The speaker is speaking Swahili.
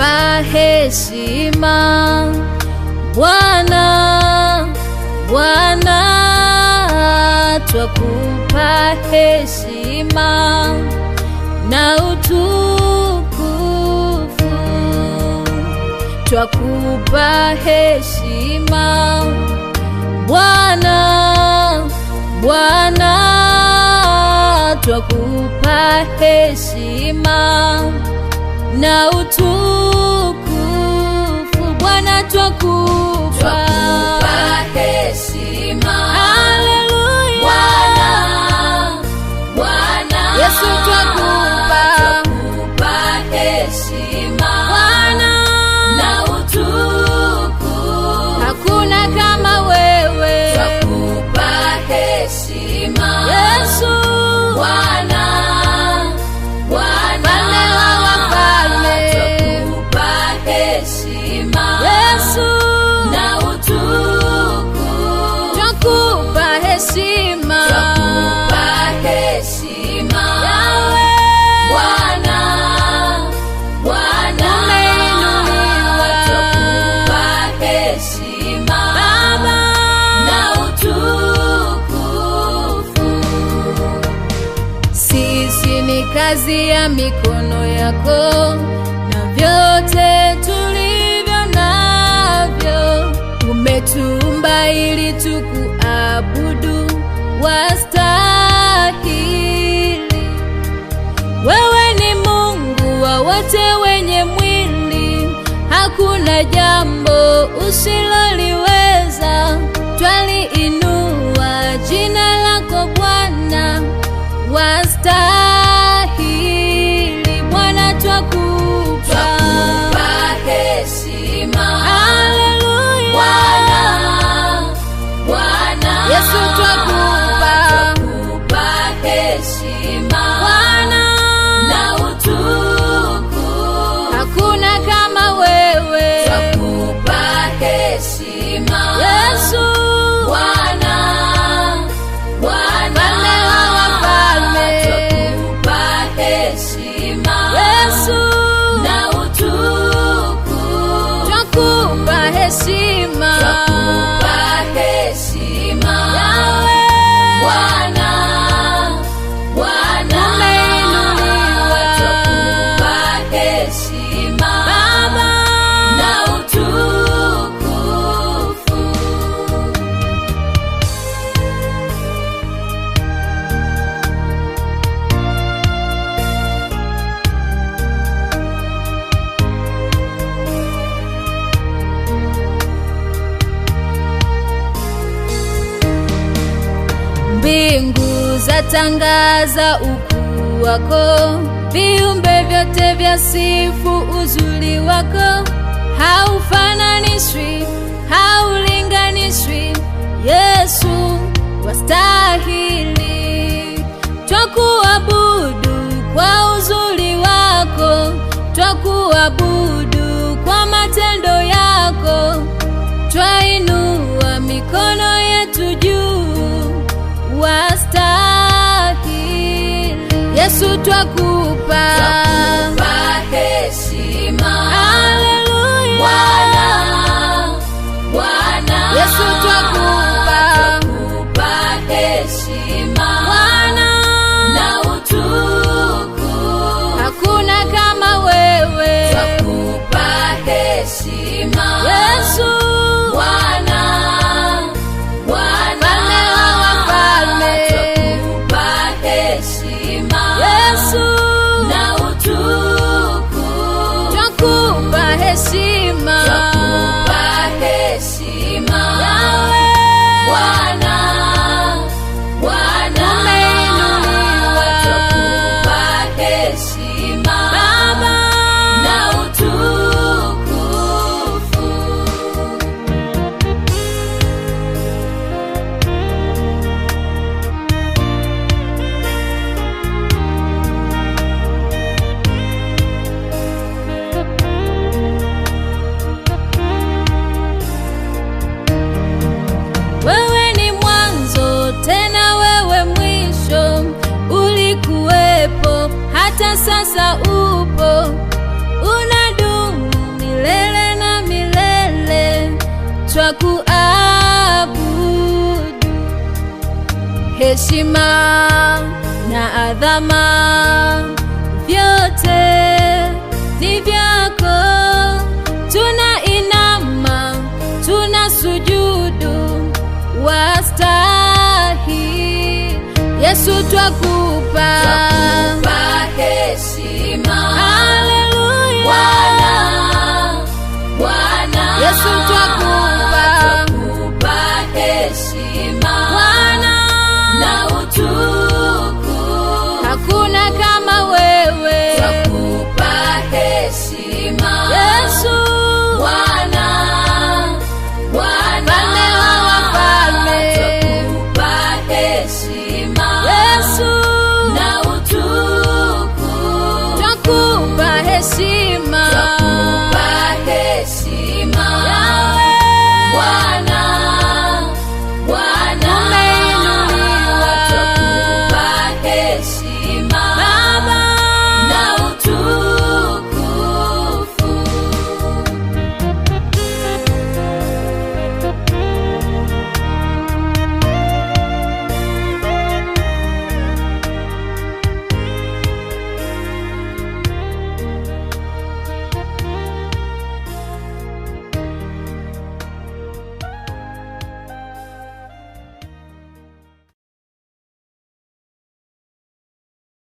heshima Bwana, Bwana, twakupa heshima na utukufu, twakupa heshima Bwana, Bwana, twakupa heshima na utukufu kazi ya mikono yako na vyote tulivyo navyo. Umetuumba ili tukuabudu, wastahili. Wewe ni Mungu wa wote wenye mwili, hakuna jambo usiloliweza. Twaliinua jina lako Bwana wa Oh. tangaza ukuu wako, viumbe vyote vya sifu uzuri wako. Haufananishwi, haulinganishwi, Yesu wastahili. Twakuabudu kwa uzuri wako, twakuabudu Yesu twakupa sasa upo, unadumu milele na milele, twakuabudu. Heshima na adhama vyote ni vyako, tunainama, tunasujudu, wastahili Yesu twaku heshima na utukufu, hakuna kama wewe, twakupa heshima Yesu Bwana, Bwana wa wafalme, twakupa heshima Yesu na utukufu, twakupa heshima, twakupa heshima Bwana